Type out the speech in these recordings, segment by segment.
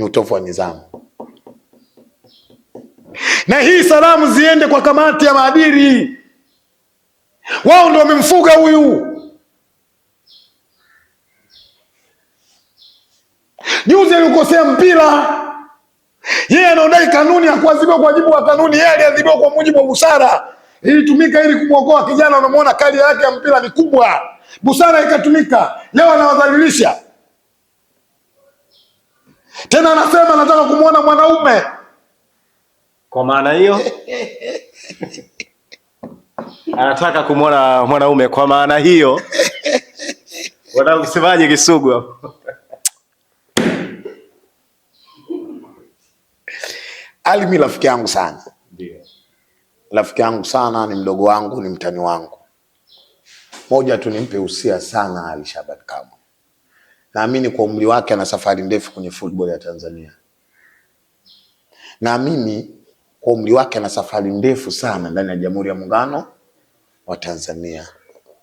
ni utovu wa nidhamu. Na hii salamu ziende kwa kamati ya maadili, wao ndio wamemfuga huyu. Juzi aliukosea mpira, yeye anaodai kanuni hakuadhibiwa kwa jibu wa kanuni, yeye aliadhibiwa kwa mujibu wa busara ilitumika ili kumwokoa kijana. Unamwona kali yake ya mpira ni kubwa, busara ikatumika, leo anawadhalilisha tena anasema anataka kumwona mwanaume. Kwa maana hiyo anataka kumwona mwanaume. Kwa maana hiyo wanakusemaje Kisugu Ali mi rafiki yangu sana, rafiki yangu sana, ni mdogo wangu, ni mtani wangu. Moja tu nimpe usia sana Ali Shaban Kamwe Naamini kwa umri wake ana safari ndefu kwenye football ya Tanzania. Naamini kwa umri wake ana safari ndefu sana ndani ya Jamhuri ya Muungano wa Tanzania.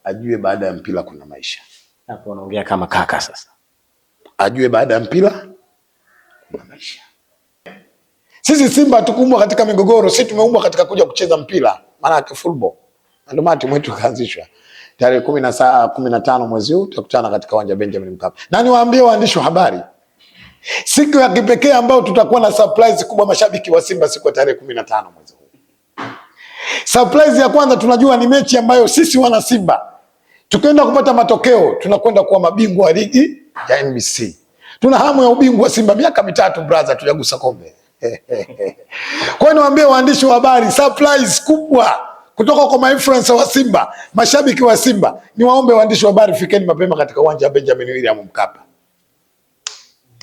Ajue baada ya mpira kuna maisha. Hapo unaongea kama kaka sasa. Ajue baada ya mpira kuna maisha. Sisi Simba tukumbwa katika migogoro, sisi tumeumbwa katika kuja kucheza mpira, maana yake football. Ndio maana timu yetu kaanzishwa tarehe kumi na saa ah, kumi na tano mwezi huu tutakutana katika uwanja Benjamin Mkapa, na niwaambie waandishi wa habari siku ya kipekee ambayo tutakuwa na surprise kubwa mashabiki wa Simba siku ya tarehe kumi na tano mwezi huu. Surprise ya kwanza, tunajua ni mechi ambayo sisi wana Simba tukienda kupata matokeo tunakwenda kuwa mabingwa wa ligi ya NBC. Tuna hamu ya ubingwa wa Simba, miaka mitatu braza, tujagusa kombe. Kwa hiyo niwaambie waandishi wa habari, surprise kubwa kutoka kwa mainfluensa wa Simba, mashabiki wa Simba, ni waombe waandishi wa habari, fikeni mapema katika uwanja wa Benjamin William Mkapa,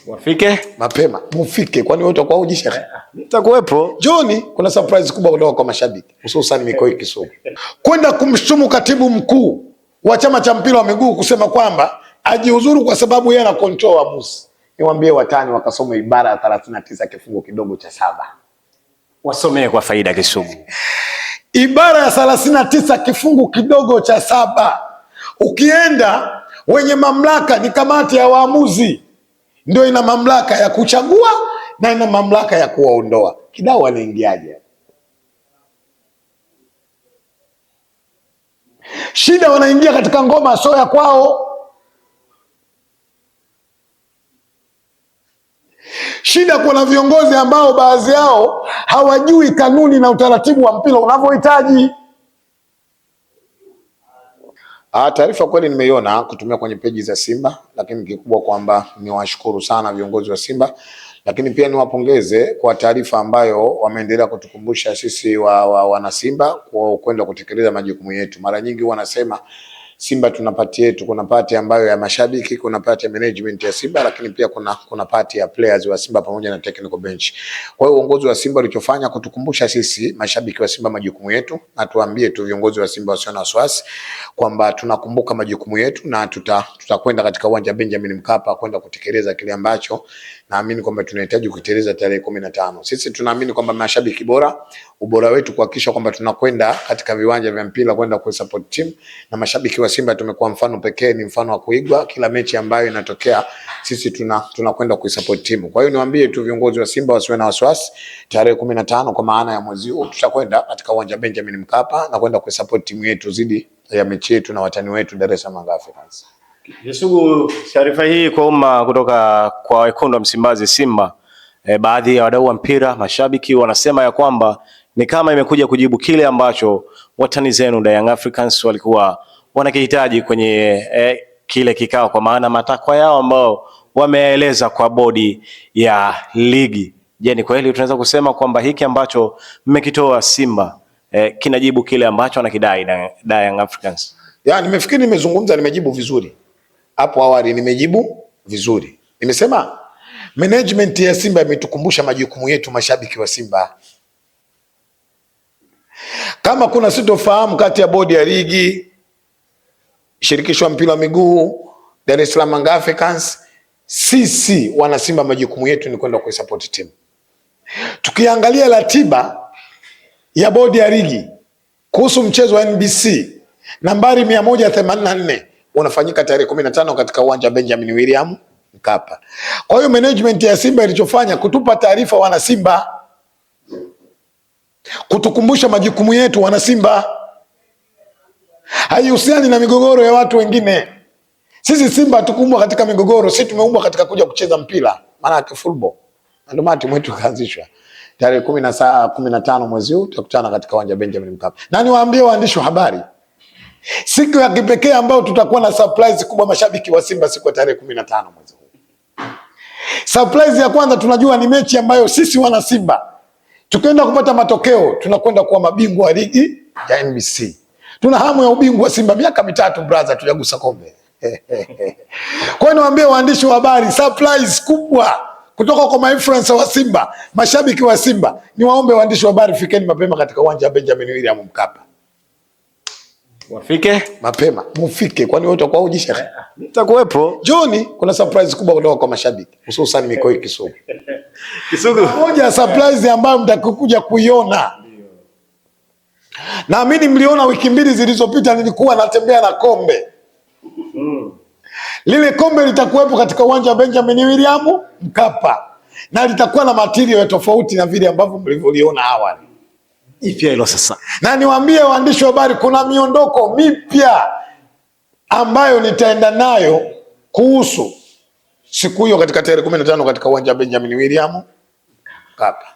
wafike mapema, mufike. Kwani wewe utakuwa uji shekhe? Nitakuwepo Joni. Kuna surprise kubwa kutoka kwa mashabiki, hususan mikoa ya Kisumu, kwenda kumshutumu katibu mkuu wa chama cha mpira wa miguu kusema kwamba ajiuzuru kwa sababu yeye ana control wa waamuzi. Niwaambie watani wakasome ibara ya 39 kifungu kidogo cha saba, wasomee kwa faida Kisumu ibara ya thelathini na tisa kifungu kidogo cha saba. Ukienda wenye mamlaka ni kamati ya waamuzi, ndio ina mamlaka ya kuchagua na ina mamlaka ya kuwaondoa. Kidau wanaingiaje Shida wanaingia katika ngoma sio ya kwao. Shida kuna viongozi ambao baadhi yao hawajui kanuni na utaratibu wa mpira unavyohitaji. Ah, taarifa kweli nimeiona kutumia kwenye peji za Simba, lakini kikubwa kwamba niwashukuru sana viongozi wa Simba, lakini pia niwapongeze kwa taarifa ambayo wameendelea kutukumbusha sisi wa, wa, wana Simba kwa kwenda kutekeleza majukumu yetu. Mara nyingi wanasema Simba tuna pati yetu, kuna pati ambayo ya mashabiki, kuna pati ya management ya Simba, lakini pia kuna kuna pati ya players wa Simba pamoja na technical bench. Kwa hiyo uongozi wa Simba ulichofanya kutukumbusha sisi mashabiki wa Simba majukumu yetu, na tuambie tu viongozi wa Simba wasio na wasiwasi kwamba tunakumbuka majukumu yetu na tuta tutakwenda katika uwanja Benjamin Mkapa kwenda kutekeleza kile ambacho naamini kwamba tunahitaji kutekeleza tarehe 15. Sisi tunaamini kwamba mashabiki bora, ubora wetu kuhakikisha kwamba tunakwenda katika viwanja vya mpira kwenda ku support team na mashabiki wa Simba tumekuwa mfano pekee, ni mfano wa kuigwa. Kila mechi ambayo inatokea sisi tuna tunakwenda kuisupport timu. Kwa hiyo niwaambie tu viongozi wa Simba wasiwe na wasiwasi, tarehe kumi na tano kwa maana ya mwezi huu tutakwenda katika uwanja Benjamin Mkapa na kwenda kuisupport timu yetu zidi ya mechi yetu na watani wetu Dar es Salaam Africans. Yesugu, taarifa hii kwa umma kutoka kwa wekundu wa Msimbazi Simba. E, baadhi ya wadau wa mpira, mashabiki wanasema ya kwamba ni kama imekuja kujibu kile ambacho watani zenu Young Africans walikuwa wanakihitaji kwenye eh, kile kikao, kwa maana matakwa yao ambao wameeleza kwa bodi ya ligi. Je, ni kweli tunaweza kusema kwamba hiki ambacho mmekitoa Simba eh, kinajibu kile ambacho na Young Africans? Ya, nimefikiri nimezungumza, nimejibu vizuri hapo awali, nimejibu vizuri. Nimesema management ya Simba imetukumbusha majukumu yetu, mashabiki wa Simba. Kama kuna sitofahamu kati ya bodi ya ligi shirikisho la mpira wa miguu Dar es Salaam Young Africans, sisi wana Simba majukumu yetu ni kwenda kuisupport timu. Tukiangalia ratiba ya bodi ya ligi kuhusu mchezo wa NBC nambari 184 unafanyika tarehe 15 katika uwanja wa Benjamin William Mkapa. Kwa hiyo management ya Simba ilichofanya kutupa taarifa wana Simba, kutukumbusha majukumu yetu wana Simba haihusiani na migogoro ya watu wengine. Sisi Simba tukuumbwa katika migogoro, sisi tumeumbwa katika kuja kucheza mpira, maana yake football. Ndio maana timu yetu ikaanzishwa tarehe kumi na saa ah, kumi na tano mwezi huu tutakutana katika uwanja Benjamin Mkapa, na niwaambie waandishi wa habari, siku ya kipekee ambayo tutakuwa na surprise kubwa mashabiki wa Simba siku ya tarehe kumi na tano mwezi huu. Surprise ya kwanza tunajua ni mechi ambayo sisi wana Simba tukienda kupata matokeo tunakwenda kuwa mabingwa wa ligi ya NBC. Tuna hamu ya ubingwa Simba, miaka mitatu brother, tujagusa kombe. Kwa hiyo niwaambie waandishi wa habari, surprise kubwa kutoka kwa mainfluensa wa Simba, mashabiki wa Simba. Niwaombe waandishi wa habari, fikeni mapema katika uwanja wa Benjamin William Mkapa. Wafike mapema, mufike, kwani wewe utakuwa uji shekhe? Eh, eh, nitakuwepo. Joni kuna surprise kubwa kutoka kwa mashabiki hususan mikoa ya Kisugu. Kisugu. Moja surprise ambayo mtakuja kuiona Naamini mliona wiki mbili zilizopita nilikuwa natembea na kombe hmm. lile. Kombe litakuwepo katika uwanja wa Benjamin William Mkapa na litakuwa na matirio ya tofauti na vile ambavyo mlivyoliona awali. Ipya hilo sasa, na niwaambie waandishi wa habari, kuna miondoko mipya ambayo nitaenda nayo kuhusu siku hiyo katika tarehe kumi na tano katika uwanja wa Benjamin William Mkapa.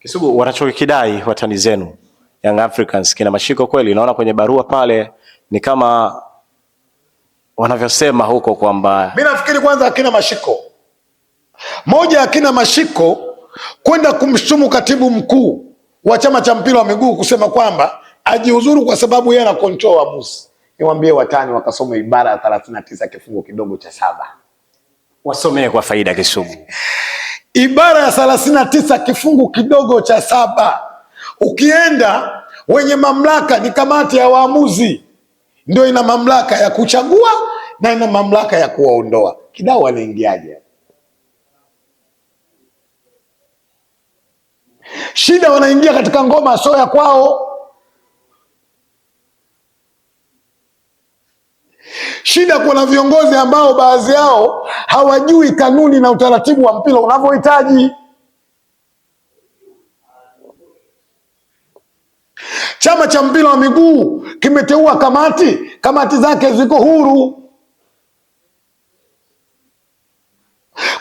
Kisugu wanachokidai watani zenu Young Africans kina mashiko kweli. Naona kwenye barua pale ni kama wanavyosema huko kwamba mimi nafikiri kwanza akina mashiko moja, akina mashiko kwenda kumshutumu katibu mkuu wa chama cha mpira wa miguu kusema kwamba ajiuzuru kwa sababu yeye ana control waamuzi. Niwaambie watani wakasome ibara ya 39 kifungu kidogo cha saba, wasomee kwa faida Kisugu ibara ya 39 kifungu kidogo cha saba Ukienda wenye mamlaka ni kamati ya waamuzi, ndio ina mamlaka ya kuchagua na ina mamlaka ya kuwaondoa. Kidau anaingiaje? Shida wanaingia katika ngoma sio ya kwao. Shida kuna viongozi ambao baadhi yao hawajui kanuni na utaratibu wa mpira unavyohitaji. Chama cha mpira wa miguu kimeteua kamati, kamati zake ziko huru.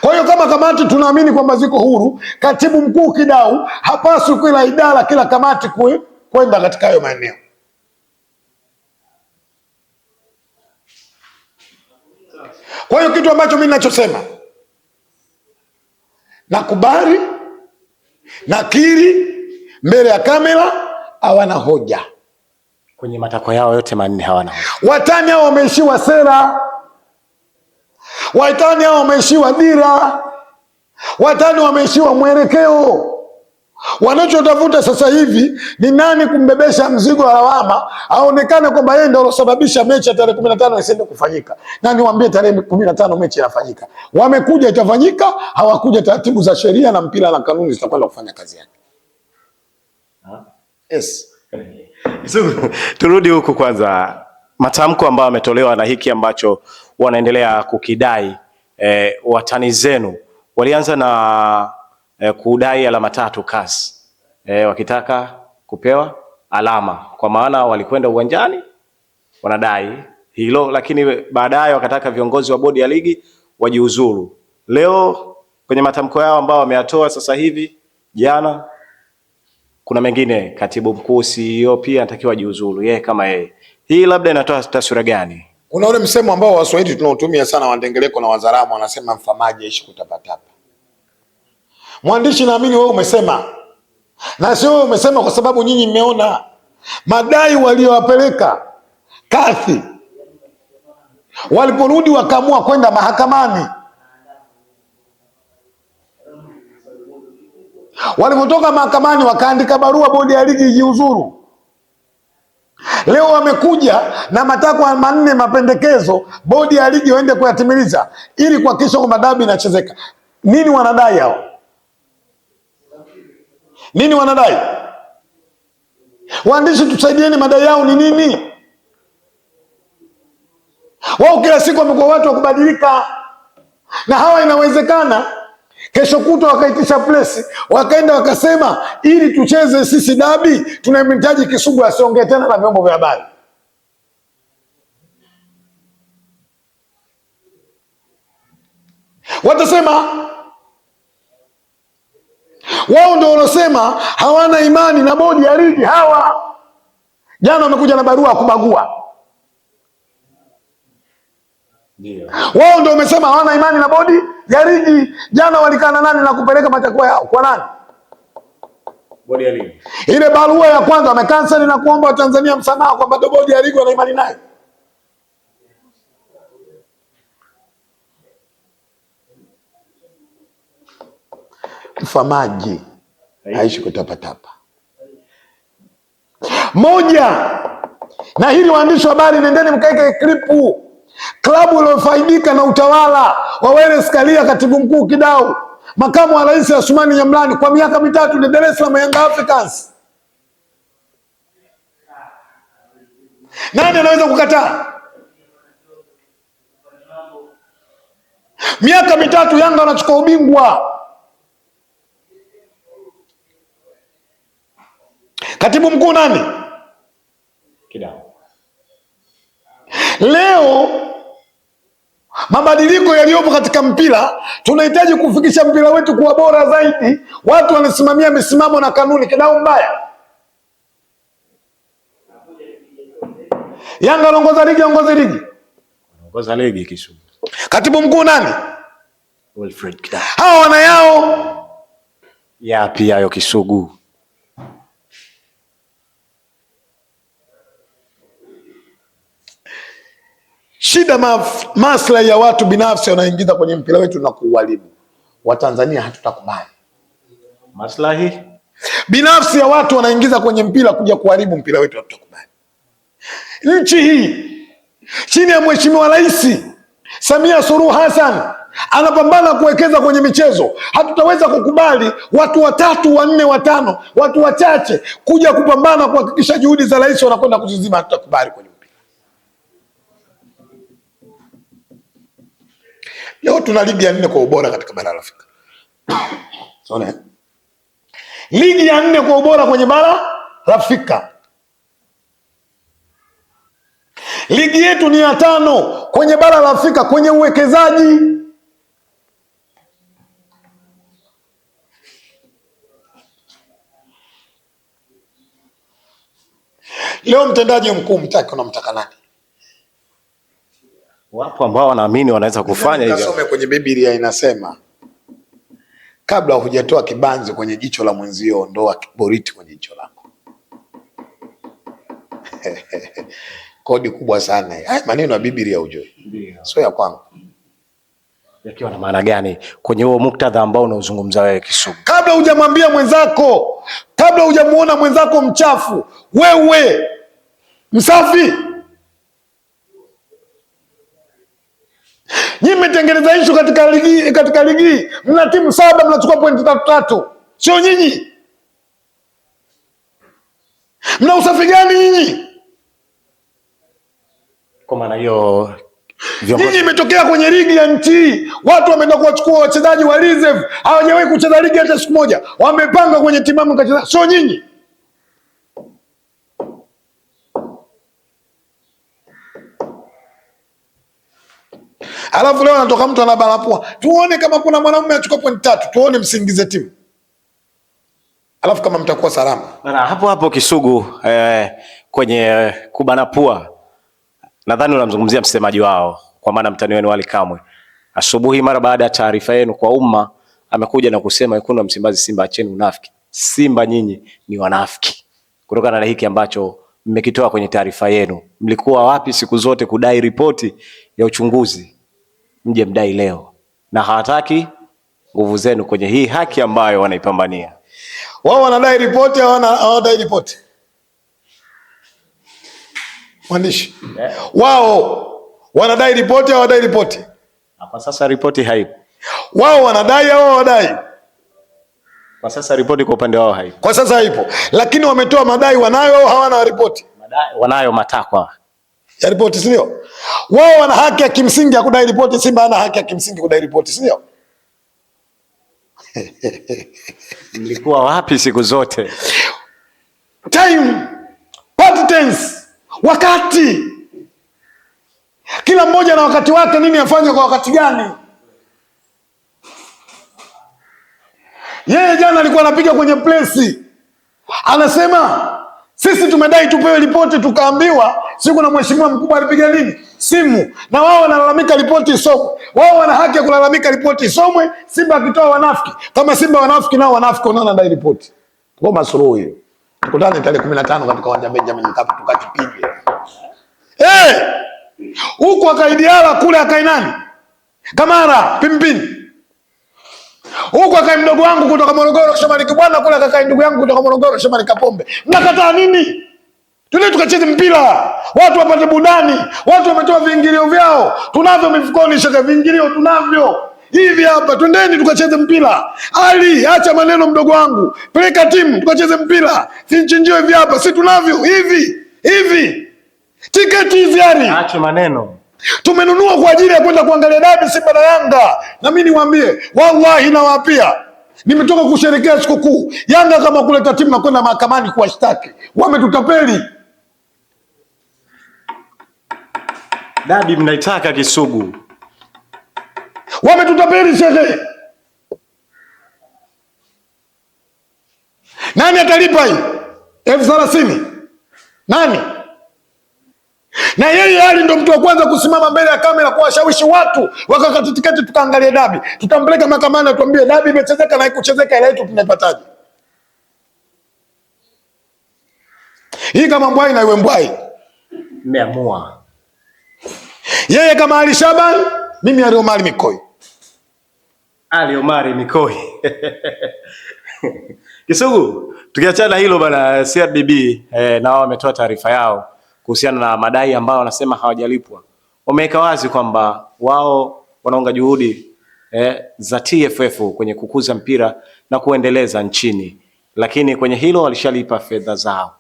Kwa hiyo kama kamati tunaamini kwamba ziko huru, katibu mkuu kidau hapaswi kila idara, kila kamati kwenda katika hayo maeneo. Kwa hiyo kitu ambacho mi ninachosema, nakubali nakiri mbele ya kamera hawana hoja kwenye matakwa yao yote manne, hawana hoja. Watani hao wameishiwa sera, watani hao wameishiwa dira, watani wameishiwa mwelekeo. Wanachotafuta sasa hivi ni nani kumbebesha mzigo wa lawama, aonekane kwamba yeye ndio alosababisha mechi ya tarehe kumi na tano isiende kufanyika. Na niwaambie, tarehe kumi na tano mechi inafanyika, wamekuja itafanyika, hawakuja, taratibu za sheria na mpira na kanuni zitakwenda kufanya kazi yake. Yes. So, turudi huku kwanza matamko ambayo ametolewa na hiki ambacho wanaendelea kukidai e, watani zenu walianza na e, kudai alama tatu CAS e, eh, wakitaka kupewa alama kwa maana walikwenda uwanjani wanadai hilo, lakini baadaye wakataka viongozi wa bodi ya ligi wajiuzuru. Leo kwenye matamko yao ambao wameyatoa sasa hivi jana kuna mengine katibu mkuu CEO pia anatakiwa jiuzuru yeye kama yeye. Hii labda inatoa taswira gani? Kuna ule msemo ambao Waswahili tunautumia sana, wandengeleko na Wazaramo wanasema mfamaji aishi kutapatapa. Mwandishi, naamini wewe umesema na sio wewe umesema, kwa sababu nyinyi mmeona madai waliowapeleka kathi, waliporudi wakaamua kwenda mahakamani Walipotoka mahakamani wakaandika barua bodi ya ligi ijiuzuru. Leo wamekuja na matakwa manne mapendekezo, bodi ya ligi waende kuyatimiliza ili kuhakikisha kwamba dabi inachezeka. Nini wanadai hao? Nini wanadai? Waandishi, tusaidieni, madai yao ni nini? Wao kila siku wamekuwa watu wa kubadilika, na hawa inawezekana Kesho kutwa wakaitisha plesi wakaenda wakasema, ili tucheze sisi dabi tunamhitaji Kisugu asiongee tena na vyombo vya habari. Watasema wao ndo wanaosema hawana imani na bodi ya ligi. Hawa jana wamekuja na barua ya kubagua wao ndio wamesema hawana imani na bodi ya ligi. Jana walikaa na nani na kupeleka matakwa yao kwa nani? Bodi ya ligi. Ile barua ya kwanza wamekanseli na kuomba Watanzania msamaha kwamba bodi ya ligi wana imani naye. Mfa haishi kutapatapa. Moja na hili, waandishi wa habari, nendeni mkaeke klipu klabu iliyofaidika na utawala wa Wallace Karia, katibu mkuu Kidau, makamu wa rais Asumani Nyamlani kwa miaka mitatu ni Dar es Salaam Young Africans. Nani anaweza kukataa? Miaka mitatu Yanga wanachukua ubingwa. Katibu mkuu nani? Kidau. Leo mabadiliko yaliyopo katika mpira, tunahitaji kufikisha mpira wetu kuwa bora zaidi. Watu wanasimamia misimamo na kanuni kidau mbaya. Yanga anaongoza ligi, aongoze ligi, anaongoza ligi kisho. Katibu mkuu nani? Wilfred Kidao. Hawa wana yao yapi hayo, Kisugu? shida maf, maslahi ya watu binafsi wanaingiza kwenye mpira wetu na kuuharibu. Watanzania hatutakubali maslahi binafsi ya watu wanaingiza kwenye mpira kuja kuharibu mpira wetu, hatutakubali. Nchi hii chini ya Mheshimiwa Rais Samia Suluhu Hassan anapambana kuwekeza kwenye michezo. Hatutaweza kukubali watu watatu wanne watano watu wachache kuja kupambana kuhakikisha juhudi za rais wanakwenda kuzizima, hatutakubali kwenye Leo tuna ligi ya nne kwa ubora katika bara la Afrika. Sawa. Eh? Ligi ya nne kwa ubora kwenye bara la Afrika. Ligi yetu ni ya tano kwenye bara la Afrika kwenye uwekezaji. Leo mtendaji mkuu mtaki unamtaka nani? wapo ambao wanaamini wanaweza kufanya hivyo. Kasome kwenye Biblia inasema kabla hujatoa kibanzi kwenye jicho la mwenzio ondoa kiboriti kwenye jicho lako. Kodi kubwa sana. Haya maneno ya Biblia ujue, sio ya kwangu. Yakiwa na maana gani kwenye huo muktadha ambao unaozungumza wewe Kisugu? Kabla hujamwambia mwenzako, kabla hujamuona mwenzako mchafu, wewe msafi Nyi mmetengeneza ishu katika ligi, katika ligi mna timu saba mnachukua pointi tatu tatu, sio nyinyi. Mna usafi gani nyinyi? Kwa maana hiyo nyinyi imetokea kwenye ligi ya nchi, watu wameenda kuwachukua wachezaji wa reserve, hawajawahi kucheza ligi hata siku moja, wamepanga kwenye timamu mkacheza, sio nyinyi. Alafu leo anatoka mtu ana anabarapua, tuone kama kuna mwanaume achukua point tatu, tuone msingize timu, alafu kama mtakuwa salama bana. Hapo hapo Kisugu eh, kwenye eh, kubana pua, nadhani unamzungumzia msemaji wao, kwa maana mtani wenu Ali Kamwe, asubuhi mara baada ya taarifa yenu kwa umma, amekuja na kusema ikunda Msimbazi, Simba acheni unafiki, Simba nyinyi ni wanafiki, kutokana na hiki ambacho mmekitoa kwenye taarifa yenu. Mlikuwa wapi siku zote kudai ripoti ya uchunguzi mje mdai leo, na hawataki nguvu zenu kwenye hii haki ambayo wanaipambania wao. Wanadai ripoti, hawadai ripoti mwandishi eh. Wao wanadai ripoti, hawadai ripoti. Kwa sasa ripoti haipo. Wao wanadai au hawadai? Kwa sasa ripoti kwa upande wao haipo, kwa sasa haipo, lakini wametoa madai, wanayo au hawana ripoti? Madai wanayo, matakwa ya ripoti, si Wao wana haki ya kimsingi ya kudai ripoti, Simba ana haki ya kimsingi kudai ripoti, si ndio? Mlikuwa wapi siku zote? Time, part tense, wakati. Kila mmoja na wakati wake, nini afanye kwa wakati gani? Yeye jana alikuwa anapiga kwenye plesi, anasema sisi tumedai tupewe ripoti, tukaambiwa siku na mheshimiwa mkubwa alipiga nini simu, na wao wanalalamika ripoti isomwe. Wao wana haki ya kulalamika ripoti isomwe. Simba akitoa wanafiki kama Simba wanafiki nao wanafiki wanao wanadai ripoti. Ngoma suluhu hiyo, tukutane tarehe tano katika uwanja Benjamin Mkapa tukakipige. Eh, huko akaidiala kule akainani Kamara pimpini huko akae mdogo wangu kutoka Morogoro shema Kibwana, kule akakae ndugu yangu kutoka Morogoro shema Kapombe. Mnakataa nini? Tuende tukacheze mpira, watu wapate budani Watu wametoa viingilio vyao, tunavyo mifukoni, shaka viingilio tunavyo hivi hapa, twendeni tukacheze mpira. Ali, acha maneno mdogo wangu, peleka timu tukacheze mpira. Sinchinjio hivi hapa, si tunavyo hivi hivi, tiketi hizi, Ali acha maneno Tumenunua kwa ajili ya kwenda kuangalia dabi Simba na Yanga, na mi niwambie wallahi nawapia nimetoka kusherekea sikukuu. Yanga kama kuleta timu na kwenda mahakamani kuwashtaki, wametutapeli. Dabi mnaitaka Kisugu, wametutapeli shehe. Nani atalipa hii elfu thelathini? Nani? na yeye Ali ndo mtu wa kwanza kusimama mbele ya kamera kuwashawishi watu wakakata tiketi tukaangalia dabi. Tutampeleka mahakamani atuambie dabi imechezeka na haikuchezeka, ila yetu tunaipataje hii? Kama mbwai na iwe mbwai, mmeamua yeye kama Ali Shaban, mimi Ali Omari Mikoi, Ali Omari Mikoi Kisugu. Tukiachana hilo bana, CRDB eh, nao wametoa taarifa yao kuhusiana na madai ambayo wanasema hawajalipwa. Wameweka wazi kwamba wao wanaunga juhudi eh, za TFF kwenye kukuza mpira na kuendeleza nchini, lakini kwenye hilo walishalipa fedha zao,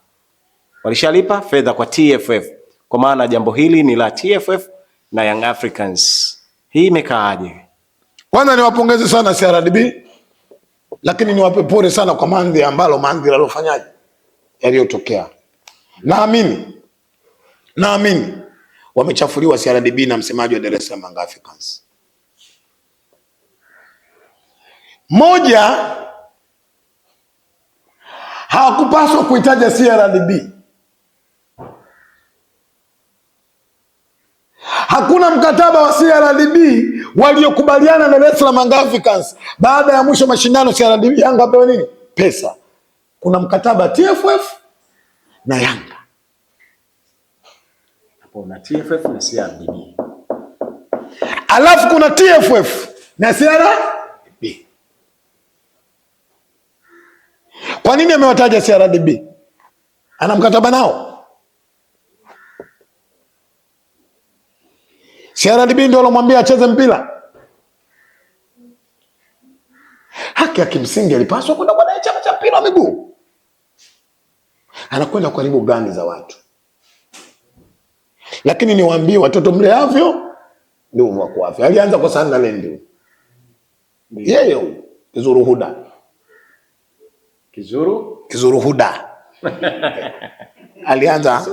walishalipa fedha kwa TFF, kwa maana jambo hili ni la TFF na Young Africans. Hii imekaaje? Kwanza niwapongeze sana CRDB, lakini niwape pole sana kwa mandhi ambalo mandhi lalofanyaje yaliyotokea, naamini naamini wamechafuliwa CRDB na msemaji wa Dar es Salaam Young Africans. Moja, hawakupaswa kuitaja CRDB. Hakuna mkataba wa CRDB waliokubaliana na Dar es Salaam Young Africans baada ya mwisho mashindano CRDB Yanga apewe nini? Pesa. Kuna mkataba TFF na Yanga. Kuna TFF na CRDB. Alafu kuna TFF na CRDB. Kwa nini amewataja CRDB? Ana mkataba nao. CRDB ndio alomwambia acheze mpira. Haki ya kimsingi alipaswa kwenda kwa chama cha mpira wa miguu. Anakwenda kuharibu gani za watu. Lakini niwaambie watoto mleavyo ndio mwakuavyo. Alianza kwa sana nane ndio. Yeye kizuru huda. Kizuru kizuru huda. Alianza.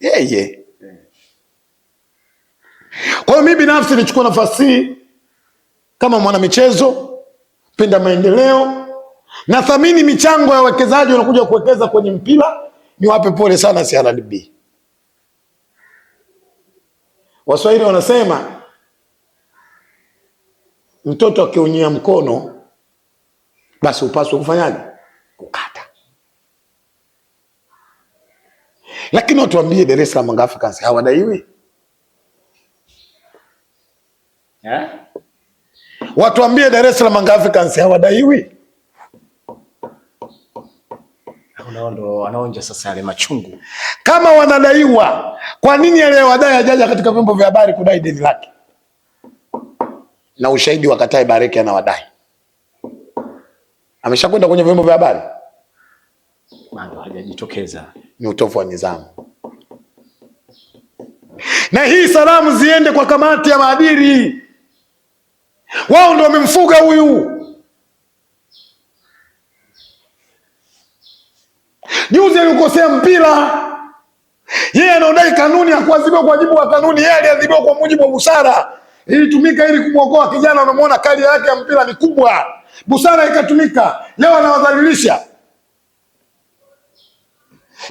Yeye. Kwa hiyo mimi binafsi nichukua nafasi hii kama mwanamichezo penda maendeleo, nathamini michango ya wawekezaji wanakuja kuwekeza kwenye mpira niwape pole sana CRDB. Waswahili wanasema mtoto akionyea mkono basi upaswe kufanyaje? Kukata. Lakini watuambie, Dar es Salaam Young Africans hawadaiwi yeah? Watuambie, Dar es Salaam Young Africans hawadaiwi nao ndo wanaonja sasa yale machungu. Kama wanadaiwa, kwa nini aliyewadai hajaja katika vyombo vya habari kudai deni lake na ushahidi wakatae? Bareke anawadai ameshakwenda kwenye vyombo vya habari, bado hajajitokeza. Ni utofu wa nidhamu. Na hii salamu ziende kwa kamati ya maadili, wao ndo wamemfuga huyu Juzi aliukosea mpira, yeye anaodai kanuni ya kuadhibiwa kwa mujibu wa kanuni, yeye aliadhibiwa kwa mujibu wa busara ilitumika ili kumwokoa kijana. Unamwona kali yake ya mpira ni kubwa, busara ikatumika. Leo anawadhalilisha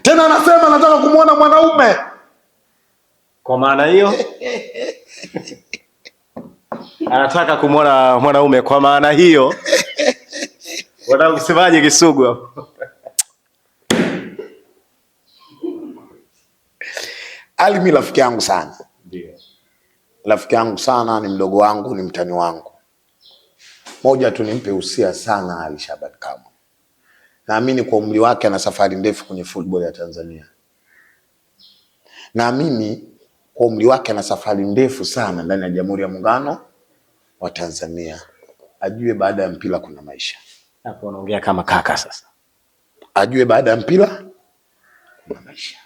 tena, anasema nataka kumwona mwanaume. Kwa maana hiyo anataka kumwona mwanaume, kwa maana hiyo wanamsemaje Kisugu hapo? Ali mi rafiki yangu sana, rafiki yangu sana, ni mdogo wangu, ni mtani wangu. Moja tu nimpe usia sana Ali Shaban Kamwe, naamini kwa umri wake ana safari ndefu kwenye football ya Tanzania. Naamini kwa umri wake ana safari ndefu sana ndani ya Jamhuri ya Muungano wa Tanzania. Ajue baada ya mpira kuna maisha. Hapo unaongea kama kaka sasa. Ajue baada ya mpira kuna maisha.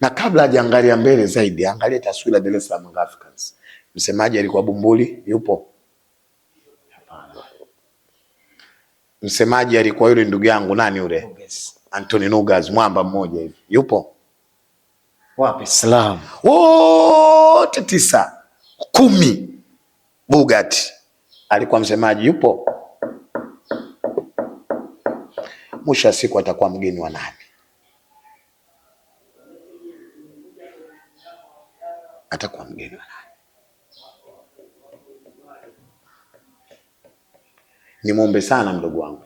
Na kabla hajaangalia mbele zaidi, angalia taswira Dar es Salaam Africans. Msemaji alikuwa Bumbuli, yupo? Hapana. Msemaji alikuwa yule ndugu yangu nani yule? Anthony Nugas, mwamba mmoja hivi. Yupo? Wapi? Salaam. Wote tisa kumi. Bugatti alikuwa msemaji, yupo? Mwisho wa siku atakuwa mgeni wa nani? atakuwa mgeni wa nani? Nimwombe sana mdogo wangu,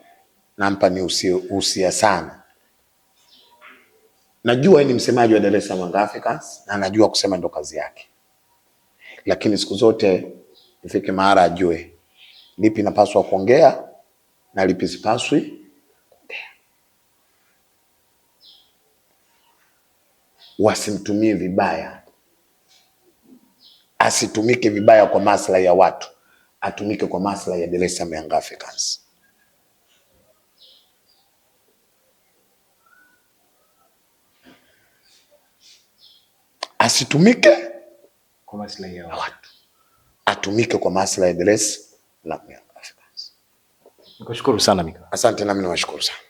nampa ni usia sana. Najua ni msemaji wa Dar es Salaam Africans na najua kusema ndo kazi yake, lakini siku zote ifike mahara ajue lipi napaswa kuongea na lipi sipaswi kuongea. Wasimtumie vibaya asitumike vibaya kwa maslahi ya watu, atumike kwa maslahi ya Dar es Salaam Young Africans. Asitumike kwa maslahi ya watu, atumike kwa maslahi ya Dar es Salaam Young Africans. Nikushukuru sana Mika. Asante, nami nawashukuru sana.